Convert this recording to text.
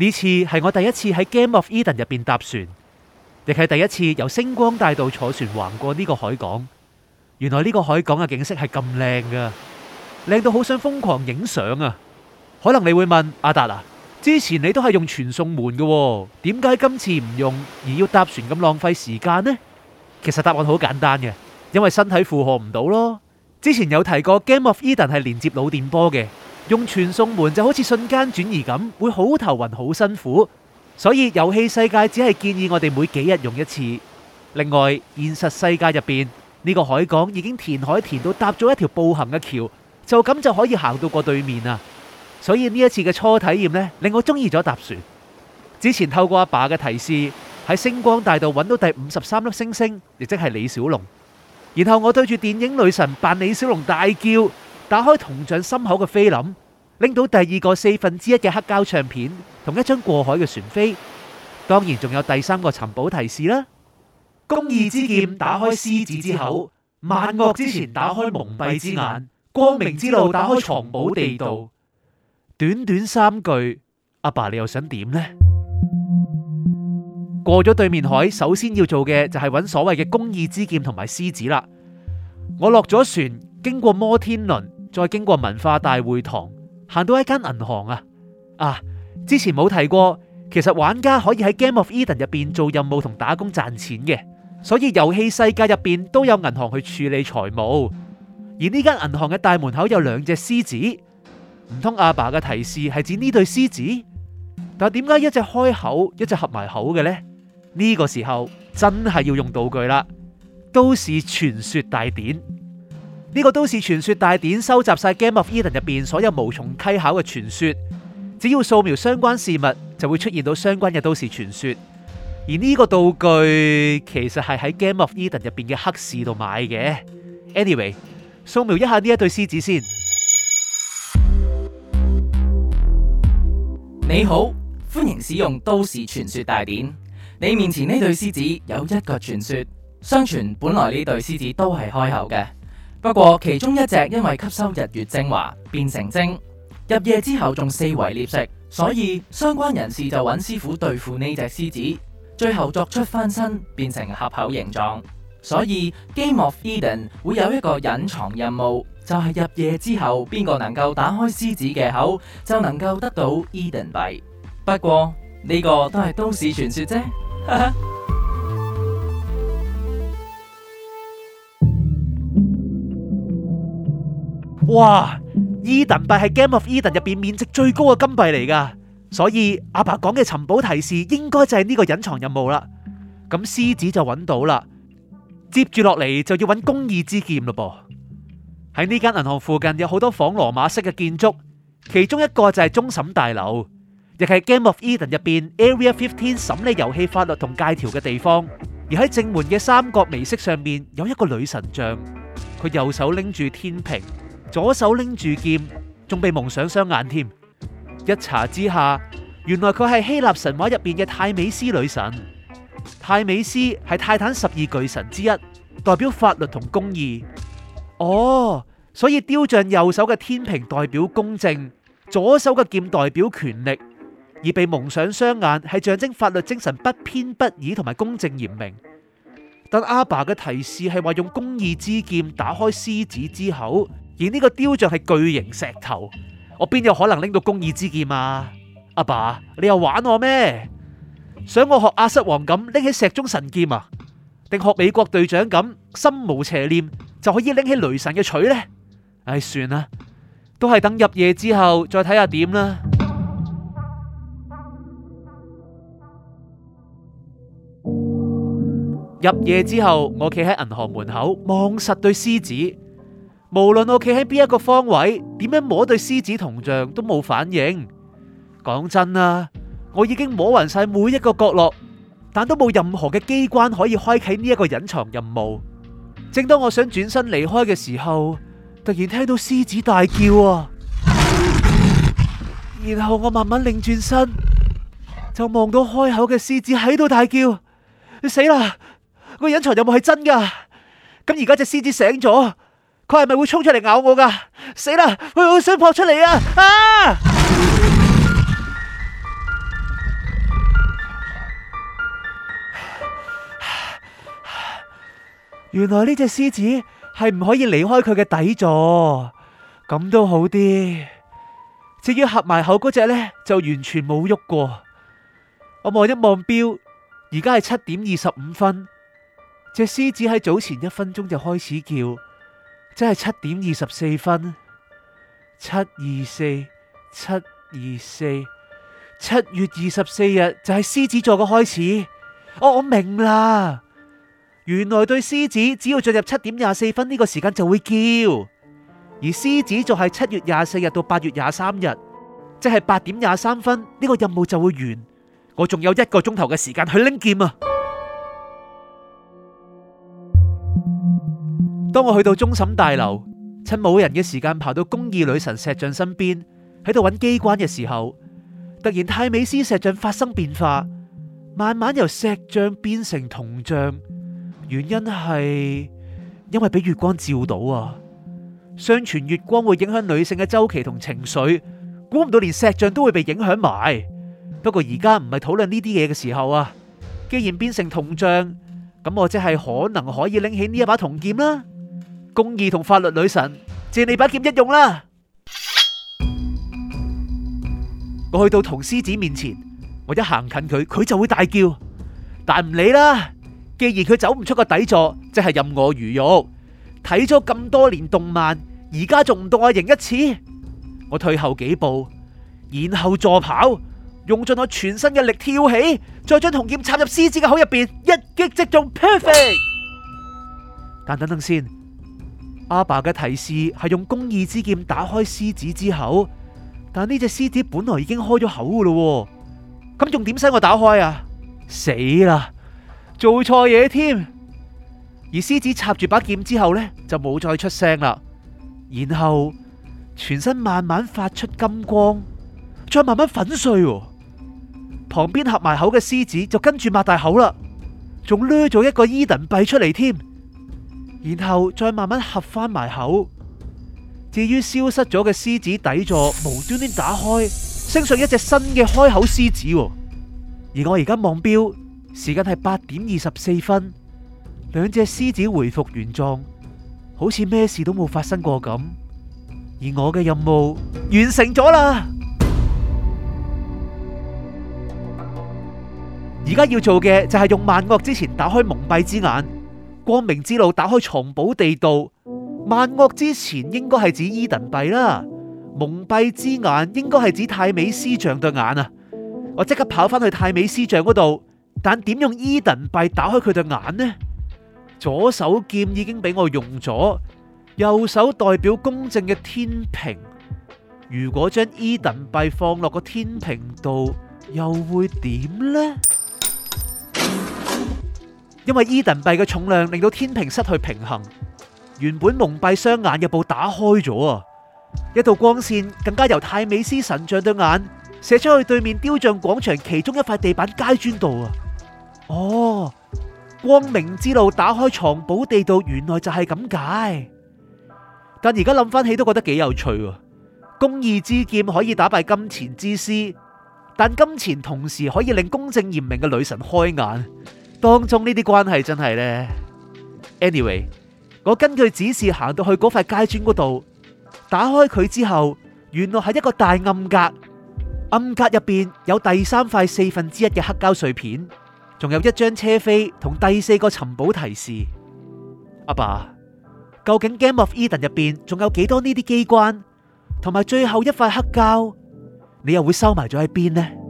呢次係我第一次喺 Game of Eden 入邊搭船，亦係第一次由星光大道坐船橫過呢個海港。原來呢個海港嘅景色係咁靚噶，靚到好想瘋狂影相啊！可能你會問阿達啊，之前你都係用傳送門嘅，點解今次唔用而要搭船咁浪費時間呢？其實答案好簡單嘅，因為身體負荷唔到咯。之前有提過 Game of Eden 係連接腦電波嘅。用傳送門就好似瞬間轉移咁，會好頭暈、好辛苦，所以遊戲世界只係建議我哋每幾日用一次。另外，現實世界入邊呢個海港已經填海填到搭咗一條步行嘅橋，就咁就可以行到過對面啦！所以呢一次嘅初體驗呢，令我中意咗搭船。之前透過阿爸嘅提示喺星光大道揾到第五十三粒星星，亦即係李小龍。然後我對住電影女神扮李小龍大叫。打開銅像心口嘅菲林，拎到第二個四分之一嘅黑膠唱片，同一張過海嘅船飛，當然仲有第三個尋寶提示啦。公義之劍打開獅子之口，萬惡之錢打開蒙蔽之眼，光明之路打開藏寶地道。短短三句，阿爸你又想點呢？過咗對面海，首先要做嘅就係揾所謂嘅公義之劍同埋獅子啦。我落咗船，經過摩天輪。再經過文化大會堂，行到一間銀行啊啊！之前冇提過，其實玩家，可以喺 Game of Eden 入邊做任務同打工賺錢嘅，所以遊戲世界入邊都有銀行去處理財務。而呢間銀行嘅大門口有兩隻獅子，唔通阿爸嘅提示係指呢對獅子？但係點解一隻開口，一隻合埋口嘅呢？呢個時候真係要用道具啦，都市傳說大典。呢個都市傳說大典收集晒《Game of Eden》入邊所有無從稽考嘅傳說，只要掃描相關事物，就會出現到相關嘅都市傳說。而呢個道具其實係喺《Game of Eden》入邊嘅黑市度買嘅。Anyway，掃描一下呢一對獅子先。你好，歡迎使用都市傳說大典。你面前呢對獅子有一個傳說，相傳本來呢對獅子都係開口嘅。不過其中一隻因為吸收日月精華變成精，入夜之後仲四圍獵食，所以相關人士就揾師傅對付呢隻獅子，最後作出翻新變成合口形狀。所以《Game of Eden》會有一個隱藏任務，就係入夜之後邊個能夠打開獅子嘅口，就能夠得到 Eden 幣。不過呢個都係都市傳說啫。 哇！Eden 幣係《Game of Eden》入邊面值最高嘅金幣嚟噶，所以阿爸講嘅尋寶提示應該就係呢個隱藏任務啦。咁獅子就揾到啦，接住落嚟，就要揾公義之劍咯。噃喺呢間銀行附近有好多仿羅馬式嘅建築，其中一個就係終審大樓，亦係《Game of Eden》入邊 Area 15審理遊戲法律同界條嘅地方。而喺正門嘅三角楣飾上面有一個女神像，佢右手拎住天平。左手拎住劍，仲被蒙上雙眼添。一查之下，原來佢係希臘神話入邊嘅泰美斯女神。泰美斯係泰坦十二巨神之一，代表法律同公義。哦，所以雕像右手嘅天秤代表公正，左手嘅劍代表權力，而被蒙上雙眼係象徵法律精神不偏不倚同埋公正嚴明。但阿爸嘅提示係話用公義之劍打開獅子之口。而呢個雕像係巨型石頭，我邊有可能拎到公義之劍啊！阿爸，你又玩我咩？想我學阿瑟王咁拎起石中神劍啊？定學美國隊長咁心無邪念就可以拎起雷神嘅鎚呢？唉，算啦，都係等入夜之後再睇下點啦。入夜之後，我企喺銀行門口望實對獅子。無論我企喺邊一個方位，點樣摸對獅子銅像都冇反應。講真啊，我已經摸勻晒每一個角落，但都冇任何嘅機關可以開啟呢一個隱藏任務。正當我想轉身離開嘅時候，突然聽到獅子大叫啊！然後我慢慢擰轉身，就望到開口嘅獅子喺度大叫。死啦！個隱藏任務係真㗎！咁而家隻獅子醒咗。佢係咪會衝出嚟咬我噶？死啦！佢好想撲出嚟啊！啊！ 原來呢隻獅子係唔可以離開佢嘅底座，咁都好啲。至於合埋口嗰隻呢，就完全冇喐過。我望一望表，而家係七點二十五分。隻獅子喺早前一分鐘就開始叫。即係七點二十四分，七二四，七二四，七月二十四日就係獅子座嘅開始。哦，我明啦，原來對獅子只要進入七點廿四分呢個時間就會叫，而獅子座係七月廿四日到八月廿三日，即係八點廿三分呢個任務就會完。我仲有一個鐘頭嘅時間去拎劍啊！當我去到終審大樓，趁冇人嘅時間爬到公義女神石像身邊喺度搵機關嘅時候，突然泰美斯石像發生變化，慢慢由石像變成銅像。原因係因為俾月光照到啊！相傳月光會影響女性嘅周期同情緒，估唔到連石像都會被影響埋。不過而家唔係討論呢啲嘢嘅時候啊，既然變成銅像，咁我即係可能可以拎起呢一把銅劍啦。公義同法律女神，借你把劍一用啦！我去到同獅子面前，我一行近佢，佢就會大叫。但唔理啦，既然佢走唔出個底座，即係任我魚肉。睇咗咁多年動漫，而家仲唔到我贏一次？我退後幾步，然後助跑，用盡我全身嘅力跳起，再將銅劍插入獅子嘅口入邊，一擊即中，Perfect！但等等先。阿爸嘅提示係用公義之劍打開獅子之口，但呢隻獅子本來已經開咗口噶咯，咁仲點使我打開啊？死啦！做錯嘢添。而獅子插住把劍之後呢，就冇再出聲啦。然後全身慢慢發出金光，再慢慢粉碎。旁邊合埋口嘅獅子就跟住擘大口啦，仲掠咗一個 Eden 幣出嚟添。然後再慢慢合翻埋口。至於消失咗嘅獅子底座，無端端打開，升上一隻新嘅開口獅子。而我而家望表，時間係八點二十四分。兩隻獅子回復原狀，好似咩事都冇發生過咁。而我嘅任務完成咗啦。而家 要做嘅就係用萬惡之錢打開蒙蔽之眼。光明之路打開藏寶地道，萬惡之錢應該係指 Eden 幣啦，蒙蔽之眼應該係指泰美斯像對眼啊！我即刻跑翻去泰美斯像嗰度，但點用 Eden 幣打開佢對眼呢？左手劍已經俾我用咗，右手代表公正嘅天平，如果將 Eden 幣放落個天平度，又會點呢？因為 Eden 幣嘅重量令到天平失去平衡，原本蒙蔽雙眼嘅布打開咗啊！一道光線更加由泰美斯神像對眼射出去，對面雕像廣場其中一塊地板階磚度啊！哦，光明之路打開藏寶地道，原來就係咁解。但而家諗返起都覺得幾有趣。公義之劍可以打敗金錢之獅，但金錢同時可以令公正嚴明嘅女神開眼。當中呢啲關係真係呢？Anyway，我根據指示行到去嗰塊街磚嗰度，打開佢之後，原來係一個大暗格，暗格入邊有第三塊四分之一嘅黑膠碎片，仲有一張車飛同第四個尋寶提示。阿爸，究竟 Game of Eden 入邊仲有幾多呢啲機關，同埋最後一塊黑膠，你又會收埋咗喺邊呢？